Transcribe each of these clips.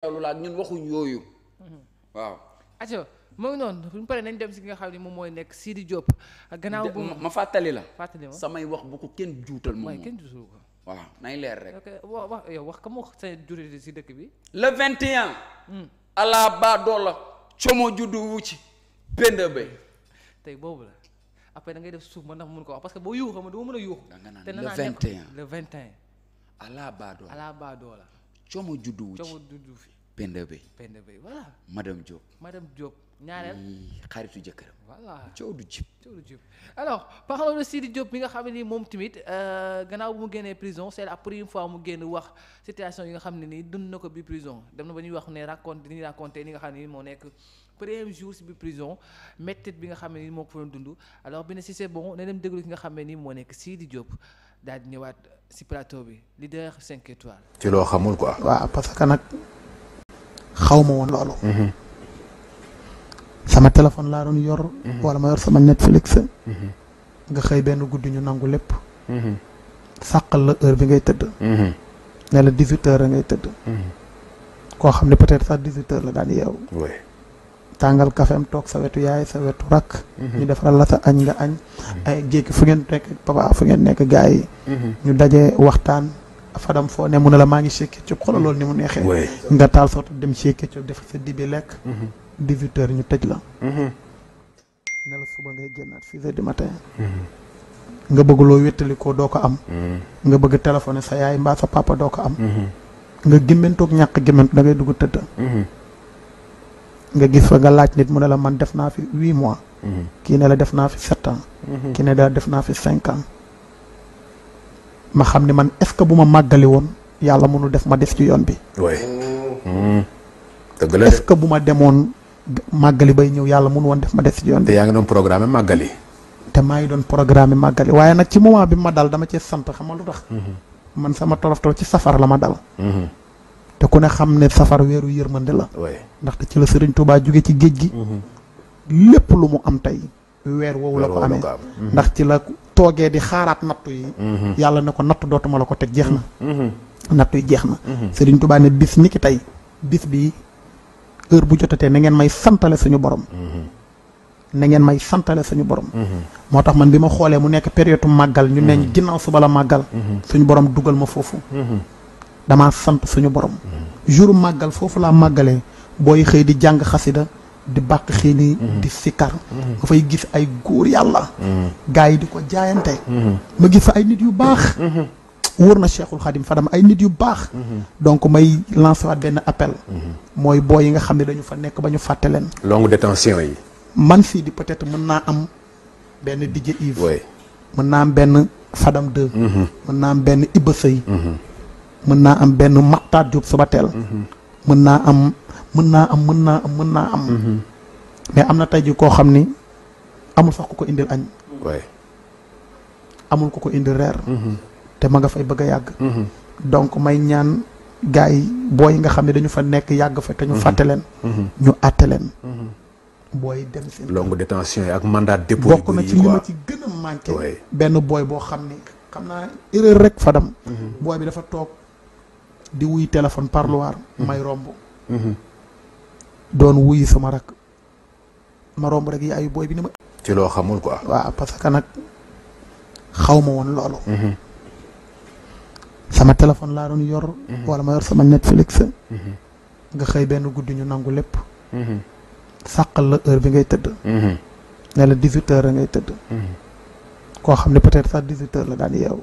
teewlu la ak ñun waxuñ yooyu mm-hmm. waaw aco mooy noonu bu ñu paree nañ nga xam ne moom mooy nekk Sidi Diop gannaaw ma fàttali la samay wax bu ko kenn juutal moom moom kenn juutal nay leer rek wax yow wax kam wax sa juré si dëkk bi le 21 mm. ala baadoola como juddu wu ci pénd bay tey boobu la après da ngay def suuf man ndax mun ko wax parce que boo yuuxu ma dama mën a yuuxu te le 21 le 21 ala baadoola ala baadoola Coomo juddu wu ci Coomo juddu fi. Penda Bay Penda Bay voilà. madame Diop madame Diop ñaareel xaritu jëkkëram. voilà coow du jib coow du jib alors parlons de Sidi Diop nga xam ne nii moom tamit euh, gannaaw bu mu génnee prison c'est la première fois mu génn wax situation yi nga xam ne nii dund na ko bi prison dem na ba ñuy wax ne raconte dañuy raconté li nga xam ne nii moo nekk. premier jour si bi prison méttit bi nga xam ne moo ko fa doon dund alors bi ne si c'est nga xam ne ni moo nekk Sidi Diop daal di ñëwaat si bi leader 5 étoiles. ci loo xamul ko waaw parce que nag xaw ma woon loolu. sama téléphone laa doon yor. wala ma yor sama Netflix. nga xëy benn guddi ñu nangu lépp. sàqal la heure bi ngay tëdd. ne la 18 heures ngay tëdd. koo xam ne peut-être sax 18 la daan yeewu. tàngal kafem toog sa wetu yaay sa wetu rakk. Mhm. ñu defaral la sa añ nga añ. Mhm. ay jékki fu ngeen nekk papa fu ngeen nekk gars yi. Mhm. ñu daje waxtaan. fadam foo ne mu ne la maa ngi sekkee ci xoolal loolu ni mu neexee. nga taal soo dem sekkee ci def sa dibi lekk. 18 heures ñu tëj la. ne la suba ngay génnaat 6 nga bëgg loo wéttali ko doo ko am. nga bëgg téléphoné sa yaay mbaa sa papa doo ko am. nga gémmantoog ñàkk gémmant da dugg tëdd. nga gis fa nga laaj nit mu ne la man def naa fi huit mois. Mhm. kii ne la def naa fi sept ans. Mhm. kii ne daal def naa fi cinq ans. ma xam ne man est ce que bu ma màggali woon yàlla mënul def ma des ci yoon bi. oui. Mm. Mhm. dëgg bu ma demoon màggali bay ñëw yàlla mënu woon def des ci yoon bi. te yaa ngi doon programme màggali. te maa ngi doon programme màggali waaye nag ci moment bi ma dal dama cee sant xam ma lu tax. man sama tolof tolof ci safar la ma dal. te ku ne xam ne safar weeru yërmande la. ndaxte ci la Serigne Touba jóge ci géej gi. Mm-hmm. lépp lu mu am tey. weer woowu la ko amee mm-hmm. ndax ci la toogee di xaaraat nattu yi. Mm-hmm. yàlla ne ko nattu dootuma la ko teg jeex na. nattu yi jeex na. sëriñ Touba ne bis ni tey bis bi heure bu jotatee na ngeen may santale suñu borom. na ngeen may santale suñu borom. moo tax man bi ma xoolee mu nekk période màggal ñu ne ginnaaw suba la màggal. suñu borom dugal ma foofu. damaa sant suñu borom jour màggal foofu laa màggale booy xëy di jàng xasida di bàq xiini di sikkar nga fay gis ay góor yàlla gars yi di ko jaayante ma gis fa ay nit yu baax wóor na Cheikhul Khadim Fadam ay nit yu baax donc may lancé waat benn appel mooy boo yi nga xam ne dañu fa nekk ba ñu fàtte leen longue détention yi man fii di peut-être mën naa am benn DJ Yves mën naa am benn Fadam 2 mhm. mën naa am benn Iba Seye mhm. mën naa am benn maxtaat jub suba teel. Mhm. mën naa am mën naa am mën naa am mën naa am. Mhm. mais am na tey ji koo xam ni amul sax ko ko indil añ. amul ko ko indil reer. Mhm. te ma nga fay bëgg a yàgg. donc may ñaan gars yi booy yi nga xam ne dañu fa nekk yàgg fa te ñu fàtte leen. ñu àtte leen. booy dem seen longue détention yi ak mandat dépôt bokk na ci li ma ci gën a benn booy boo xam ni xam naa erreur rek fa dem. booy bi dafa toog. di wuy téléphone parloir mhm. may romb mhm. doon wuy sama rak ma romb rek yaayu booy bi ni ma ci loo xamul quoi waaw parce que nag xaw ma woon loolu mhm. sama téléphone laa doon yor wala ma yor sama Netflix nga xëy benn guddi ñu nangu lépp sàqal la heure bi ngay tëdd ne la a ngay tëdd koo xam ne peut-être sax dix la daan yeewu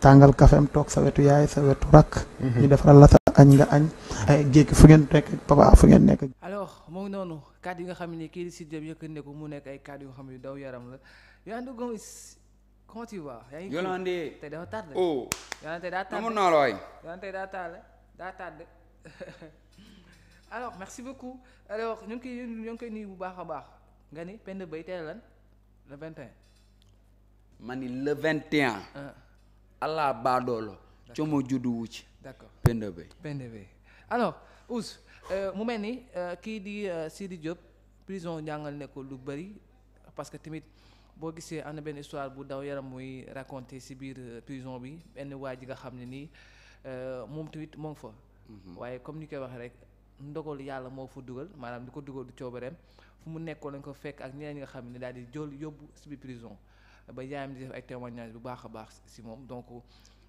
tàngal kafem toog sa wetu yaay sa wetu rakk. Mhm. ñu defaral la sa añ nga añ. ay géej fu ngeen nekk papa fu ngeen nekk. alors moom noonu kàddu yi nga xam ni kii di Sidy Diop yëkkandi mu nekk ay kàddu yoo xam ne daw yaram la Yolande Gomis comment tu vas. Yolande tey dafa tardé. oh Yolande daa tardé amoon daa tardé daa tardé alors merci beaucoup alors ñu ngi koy ñu ngi bu baax a baax nga ni Penda Bay tey lan le 21. ma allah baadoolo como judduwu ci pende bay pende bay alors Ous euh, mu mel ni euh, kii di euh, Sidi Diop prison jàngal ne ko lu bëri parce que tamit boo gisee am na benn histoire bu daw yaram muy raconté si biir prison bi benn waa ji nga xam ne nii moom tamit moom ngi fa mhm. waaye comme ni koy waxee rek ndogal yàlla moo fa dugal maanaam li ko dugal du coobareem fu mu nekkoon lañ ko fekk ak ñeen ñi nga xam ne daal di jël yóbbu ci biir prison ba yaayam di def ay témoignage bu baax a baax si moom donc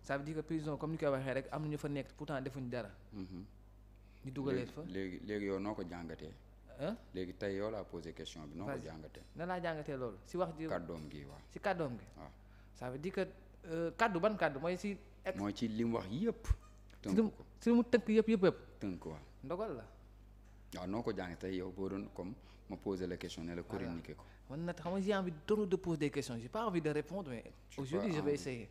ça veut dire que prison comme ni koy waxee rek am na ñu fa nekk pourtant defuñ dara. Mm-hmm. ñu dugalee fa léegi léegi yow noo ko jàngatee. léegi tey yow laa posé question bi noo ko jàngatee. na laa jàngatee loolu si wax di kàddoom gi waaw si kàddoom gi. waaw ça veut dire que euh, kàddu ban kàddu mooy si. mooy ci li mu wax yëpp. tënk ko si mu tënk yëpp yëpp yëpp. tënk waaw ndogal la. waaw noo ko jàngatee yow boo doon comme ma posé la question ne la. voilà ko man nag xam nga j'ai envie trop de poser des questions j'ai pas envie de répondre mais aujourd'hui je vais essayer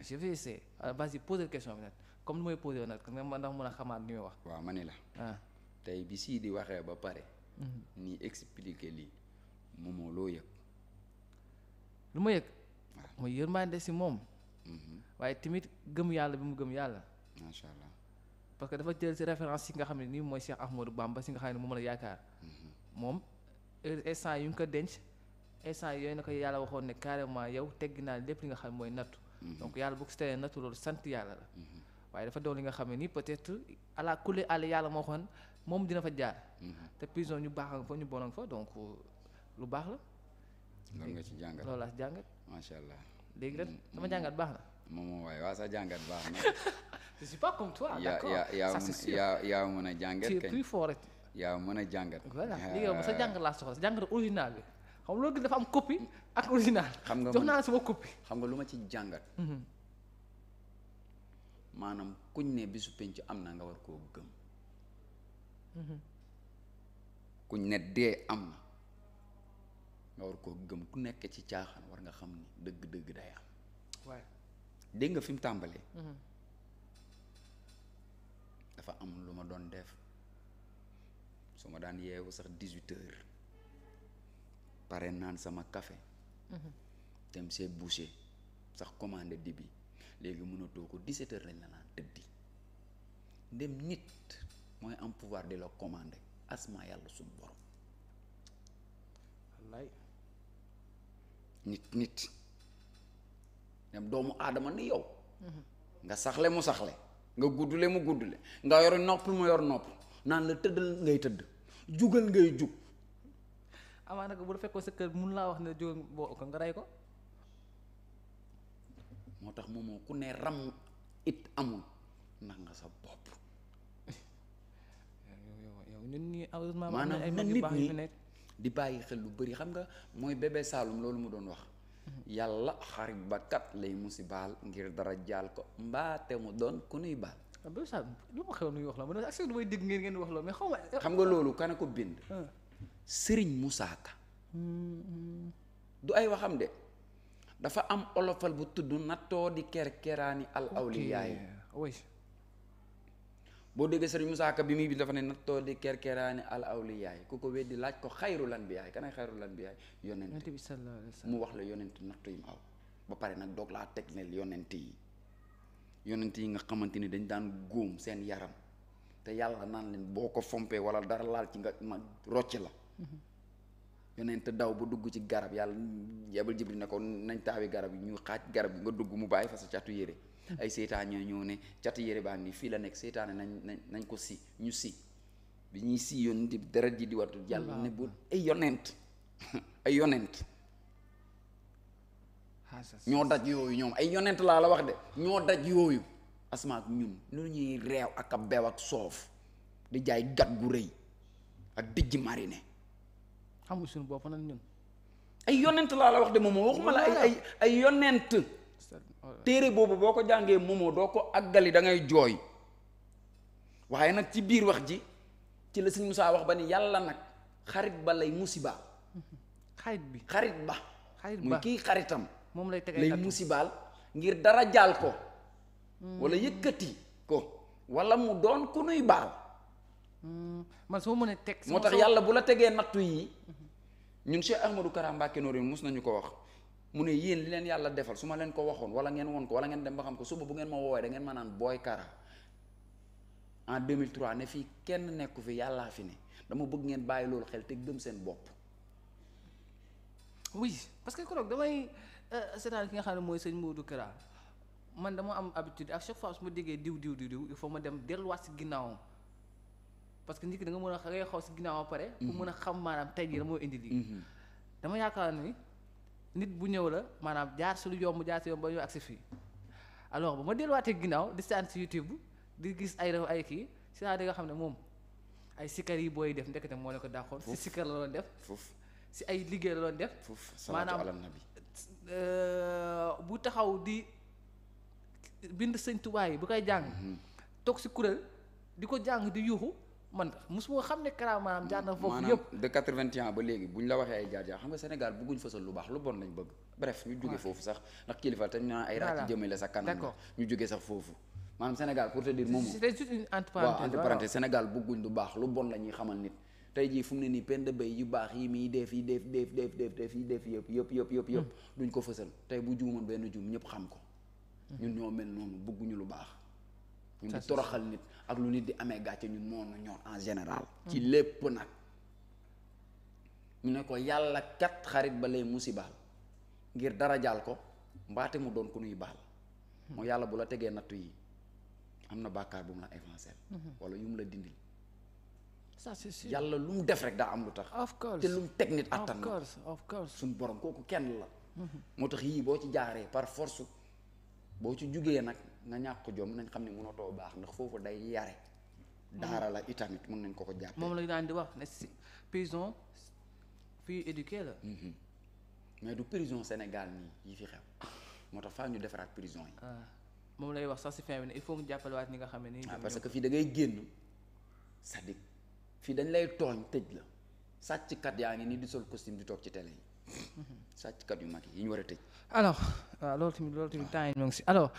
je vais essayer vas-y poser question bi nag comme ni may posé nag ndax a xamaat ni muy waaw ma ne la ah. tey bi sii di waxee ba pare mhm. nii expliquer lii moomoo loo yëg lu ma yëg mooy yërmande si moom mhm. waaye tamit gëm yàlla bi mu gëm yàlla macha allah parce que dafa jël si référence yi nga xam ne nii mooy Cheikh Ahmadou Bamba si nga xam ne moom la yaakaar mhm. moom heure instant yu ngi ko denc instant yooyu na ko yàlla waxoon ne carrément yow tegg naa lépp li nga xam mooy nattu mm-hmm. donc yàlla bu ko si teree nattu loolu sant yàlla la mm-hmm. waaye dafa doon li nga xam ne nii peut-être ala kulli àll yàlla moo xoon moom dina fa jaar mm-hmm. te prison ñu baax nga fa ñu bon fa donc lu baax la loolu nga ci jàngat loolu laa macha allah léegi nag sama jàngat baax na moom moom waaye waa sa jàngat baax na yaa yaa yaa mën a yaa mën a jàngat. voilà euh, léegi yow sa jàngat laa soxla sa jàngat original bi xam nga loolu dafa am copie ak original. jox naa la sama copie. xam nga lu ma ci jàngat. Mhm. maanaam kuñ ne bisu penc am na nga war koo gëm. Mhm. ne dee ku nekk ci caaxaan war nga xam ni dëgg-dëgg day am. dégg nga fi mu tàmbalee. Mhm. dafa am lu ma doon def. su ma daan yeewu sax dix-huit heures pare naan sama café mhm. dem see boucher sax commandé di bi léegi mënatoo ko dix-sept heures lañ la naan tëddi ndem nit mooy am pouvoir di la commandé asma yàlla suñu borom wallaay nit nit dem doomu aadama ni yow mhm. nga saxle mu saxle nga gudd guddule mu guddule nga yor nopp mu yor nopp naan la tëdd ngay tëdd jugal ngay jug. amaana ko bu la fekkoon sa kër mun laa wax ne jugal boo ko nga rey ko. moo tax moom ku ne ram it amul ndax nga sa bopp. yow nit ñi heureusement. maanaam na nit ñi di bàyyi xel lu bëri xam nga mooy bébé saalum loolu mu doon wax. Mhm. yàlla xarit ba kat lay musibaal ngir dara jaal ko mbaate mu doon ku nuy baal. Abdou Sall lu ma xew nuy wax la man ak lu may dégg ngeen ngeen wax la mais xaw ma. Eh, xam nga loolu kan a ko bind. Serigne hmm, hmm. du ay waxam de dafa am olofal bu tudd nattoo di kerkeraani al awliyaay. boo déggee Serigne Moussa Ka bi muy bi dafa ne nattoo di kerkeraani al awliyaay ku ko weddi laaj ko xayru lan bi yaay kan ay lan bi yaay yonent mu wax la yonent nattu yi mu aw ba pare nag doog laa teg ne yonent yi. yonent yi nga xamante ni dañ daan góom seen yaram te yàlla naan leen boo ko fompee wala dara laal ci nga ma rocc la yonent daw ba dugg ci garab yàlla yebal Jibril ne ko nañ taawi garab yi ñu xaaj garab yi nga dugg mu bàyyi fa sa catu yére ay seytaan ñoo ñëw ne catu yére baa ngi nii fii la nekk seytaane nañ nañ nañ ko si ñu si bi ñuy si yonent bi ji di watu yàlla ne bu ay yonent ay yonent ñoo daj yooyu ñoom ay yonent laa la wax de ñoo daj yooyu asma ak ñun lu ñuy reew ak a beew ak soof di jaay gat gu rëy ak dijj marine xamul suñu bopp nag ñun ay yonent laa la wax de moomoo waxuma la ay ay ay yonent téere boobu boo ko jàngee moomoo doo ko àggali da ngay jooy waaye nag ci biir wax ji ci la sëñ Musaa wax ba ni yàlla nag xarit ba lay musiba xarit bi xarit ba muy kii xaritam moom lay tegee lay musibaal ngir dara jaal ko. wala yëkkati ko. wala mu doon ku nuy baal. Hmm. man soo mënee teg. moo tax yàlla bu la tegee nattu yi. ñun Cheikh Ahmadou Kara Mbacké Noreyni mus nañu ko wax. mu ne yéen li leen yàlla defal su ma leen ko waxoon wala ngeen woon ko wala ngeen dem ba xam ko suba bu ngeen ma woowee da ma naan booy Kara en 2003 ne fii kenn nekku fi yàllaa fi ne dama bëgg ngeen bàyyi loolu xel te gëm seen bopp. cest eh, à ki nga xam ne mooy sëñ Modou Kara man dama am habitude à ma déggee diw diw diw diw il faut ma dem delluwaat si ginnaawam parce que nit nga mën a ngay xaw si ginnaawam pare. pour mhm. mën a xam maanaam tey jii la indi lii. Mhm. dama yaakaar ni nit bu ñëw la maanaam jaar si lu yomb jaar ba ñëw ak si fii ba ma delluwaatee ginnaaw di seetaan si YouTube di gis ay ref ay kii cest à nga xam ne moom ay sikkar yi booy def ndekete moo ne ko dàqoon. si sikkar la doon def. si ay liggéey la doon def. maanaam salaatu na bi Euh, bu taxaw di bind sëñ Tuubaa yi bu koy jàng mhm. toog si kuréel di ko jàng di yuuxu man mosuma xam ne karaamaam jaar na foofu yëpp de quatre-vingts ans ba léegi bu ñu la waxee ay jaar jaar xam nga Sénégal bëgguñ fësal lu baax lu bon lañ bëgg bref ñu jóge foofu sax ndax kilifa te naa naan ay rax ci jëme la sa kanam ñu jóge sax foofu maanaam Sénégal pour te dire moom moom c'est juste une Sénégal bëgguñ lu baax lu bon la ñuy xamal nit tey jii fu ne nii pen de yu baax yi muy def yi def def def def def yi def yëpp yëpp yëpp yëpp yëpp hmm. duñ ko fësal tey bu juumoon benn juum ñëpp xam ko hmm. ñun ñoo mel noonu bëgguñu lu baax ñu di toroxal nit ak lu nit di amee gàcce ñun moonu ñor en général hmm. ci lépp nag ñu ne ko yàlla kat xarit ba lay musibaal ngir dara jaal ko mbaate mu doon ku nuy baal moo yàlla bu la tegee nattu yi am na bàkkaar bu mu la évancel wala yu mu la dindil ça c'est sûr yàlla lu mu def rek daa am lu tax. of course te lu mu teg nit attan na. borom kooku kenn la. Mm-hmm. moo tax yii boo ci jaaree par force boo ci jógee nag nga ñàkk jom nañ xam ne mënatoo baax ndax foofu day yare. daara la itamit mun nañ ko ko jàppee. moom la ñu di wax ne si prison fii éduqué la. Mm-hmm. mais du prison Sénégal nii yi fi xew moo tax faa ñu defaraat prison yi. Ah, moom lay wax sax si fin bi ne il faut mu jàppale waat ñi nga xam ne ah, parce que fii da ngay génn cest à fii dañ lay tooñ tëj la sàcckat yaa ngi nii di sol costume di toog ci télé yi mhm. sàcckat yu mag yi ñu war a tëj. alors waaw loolu tamit loolu tamit temps yi ñoo ngi si alors